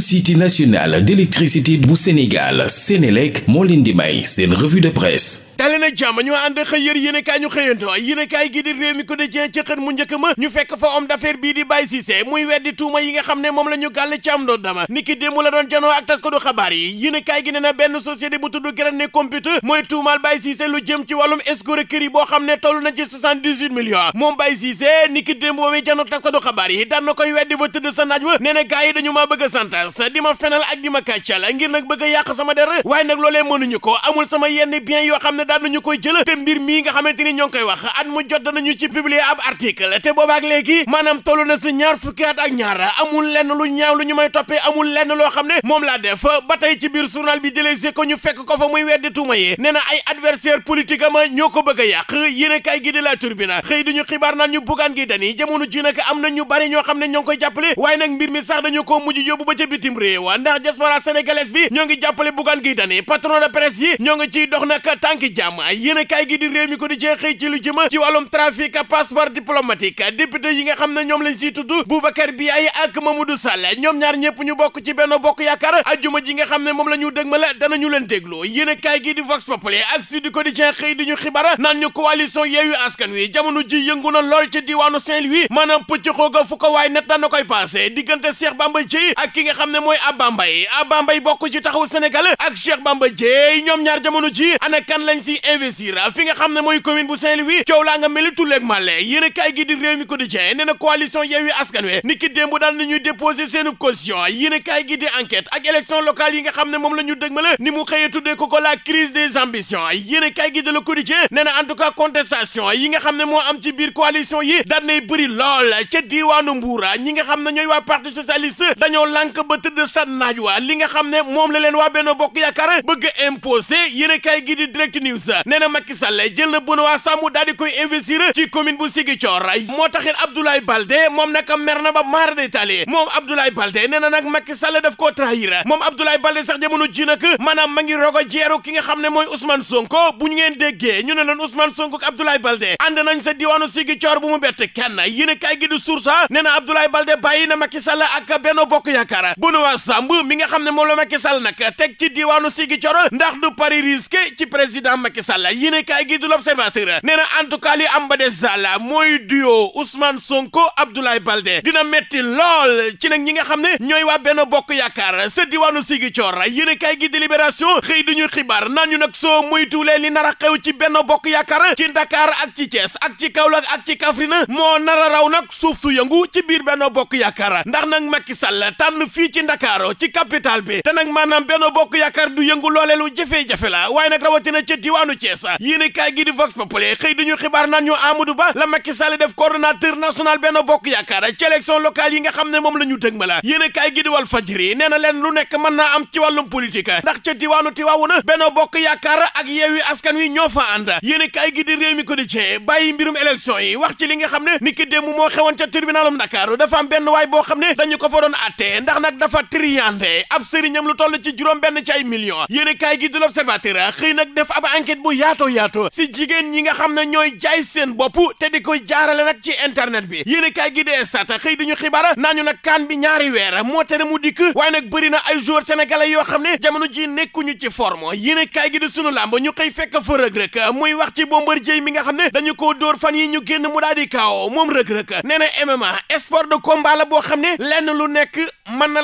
société nationale d'électricité bu Sénégal Sénélec moo leen di may seen revue de presse dali jàmm ñu ànd xëy yër yéenekaay ñu xëyanto yéenekaay gi di réew mi quotidien ci xët mu njëkk di Baye Cissé muy weddi la ñu ci am doon gi ne na benn société bu tudd Grane Computer mooy tuumaal Baye Cissé lu jëm ci wàllum escroquerie boo xam ne toll na ci 78 moom Baye Cissé niki démb ba muy janoo ak du xabaar yi daan koy weddi ba commerce di ma fenal ak di ma kàccal ngir nag bëgg a yàq sama der waaye nag loolee mënuñu ko amul sama yenn bien yoo xam ne daan nañu koy jël te mbir mii nga xamante ni ñoo koy wax at mu jot nañu ci publier ab article te boobaak léegi maanaam toll na si ñaar fukki at ak ñaar amul lenn lu ñaaw lu ñu may toppee amul lenn loo xam ne moom laa def ba tey ci biir journal bi délégé ko ñu fekk ko fa muy weddi tuuma yi nee ay adversaire politique ama ñoo ko bëgg a yàq yéen kay gi di la turbina xëy duñu gi dani jamono ji nag am na ñu bari ñoo xam ne ñoo ngi koy jàppale waaye nag ca bitim réew ndax diaspora sénégalaise bi ñoo ngi jàppale Bougane Gueye Dany patron de presse yi ñoo ngi ciy dox nag tànki jàmm yéen a kaay gi di réew mi ko di cee xëy ci lu jëm ci wàllum trafic passeport diplomatique député yi nga xam ne ñoom lañ siy tudd Boubacar Biaye ak Mamadou Sall ñoom ñaar ñëpp ñu bokk ci benn bokk yaakaar ajjuma ji nga xam ne moom la ñu dëgmal danañu leen déglu yéen a gi di Vox Populi ak Sud Quotidien di ci diwaanu Saint-Louis maanaam pëcc xam ne mooy Abba Mbaye Abba Mbaye bokk ci taxawu Sénégal ak Cheikh Bamba Dièye ñoom ñaar jamono ji ana kan lañ si investir fi nga xam ne mooy commune bu Saint-Louis coow laa nga mel ni tulleeg màlle yéen a kaay gi di réew mi quotidien nee na coalition Yewwi Askan Wi niki démb daal na ñuy déposé seen caution yéen gi di enquête ak élection locale yi nga xam ne moom la ñu dëgmal ni mu xëyee tu ko ko la crise des ambitions yéen a kaay gi di le quotidien nee na en tout cas contestation nga xam ne moo am ci biir coalition yi daan nay bëri lool ca diwaanu ñi nga xam ne ñooy waa parti socialiste dañoo lànk ba tëdd san naaj wa li nga xam ne moom la leen waa benn bokk yaakaar bëgg imposé yéen a kaay gi di direct news nee jël na Benoît Sambou daal di koy investir ci commune bu Ziguinchor moo taxit Abdoulaye Balde moom nag mer na ba maar de tali moom Abdoulaye Balde nee na nag Macky Sall daf koo trahir moom Abdoulaye Balde sax jamono ji nag maanaam ma rogo jeeru ki nga xam ne mooy Ousmane Sonko bu ñu ngeen déggee ñu ne leen Ousmane Sonko ak Abdoulaye Balde ànd nañ sa diwaanu Ziguinchor bu a kaay gi di source nee na Abdoulaye Balde bàyyi na Benoît Sambou mi nga xam ne moom la Macky sal nag teg ci diwaanu Ziguinchor ndax du pari risqué ci président Macky Sall yéen a kaay gi du l'Observateur nee na en tout cas li am ba des salla mooy duo Ousmane Sonko Abdoulaye Balde dina metti lool ci nag ñi nga xam ne ñooy waa Benno Bokk Yaakaar sa diwaanu Ziguinchor yéen a kaay gi di xii xëy duñu xibaar nan ñu nag soo muy tuulee li nar a xew ci Benno Bokk Yaakaar ci ndakaar ak ci Thiès ak ci Kaolack ak ci Kaffrine moo nar raw nag suuf su yëngu ci biir Benno Bokk Yaakaar ndax nag Macky Sall fii ci ndakaaro ci capital bi te nag maanaam benn bokk yaakaar du yëngu loolee lu jafe-jafe la waaye nag rawatina ca diwaanu Thiès yéen kaay gi di Vox Populi xëy duñu xibaar naan ñu Amadou Ba la Macky Sall def coordonnateur national benn bokk yaakaar ci élection locale yi nga xam ne moom la ñu dëg ma la yéen kaay gi di Walf Fadjri leen lu nekk mën naa am ci wàllum politique ndax ca diwaanu Tivaouane benn bokk yaakaar ak Yewwi Askan Wi ñoo fa ànd yéen kaay gi di Rewmi Quotidien bàyyi mbirum élection yi wax ci li nga xam ne ni ki démb moo xewoon ca tribunalum Dakar am benn waay boo xam ne dañu ko fa doon attee ndax nag nag dafa triandé ab sëriñam lu toll ci juróom benn ci ay million yéene kaay gi du l'observateur xëy nag def ab enquête bu yaato yaato si jigéen ñi nga xam ne ñooy jaay seen bopp te di koy jaarale nag ci internet bi yéene gi dee sat xëy dañu xibaar naa ñu nag kaan bi ñaari weer moo tere mu dikk waaye nag bëri na ay joueurs sénégalais yoo xam ne jamono ji nekkuñu ci forme yéene kaay gi di sunu làmb ñu xëy fekk fa rëg-rëk muy wax ci Bombardier mi nga xam ne dañu koo dóor fan yi ñu génn mu daal di kaaw moom rëg-rëk nee na MMA sport de combat boo xam ne lenn lu nekk mën na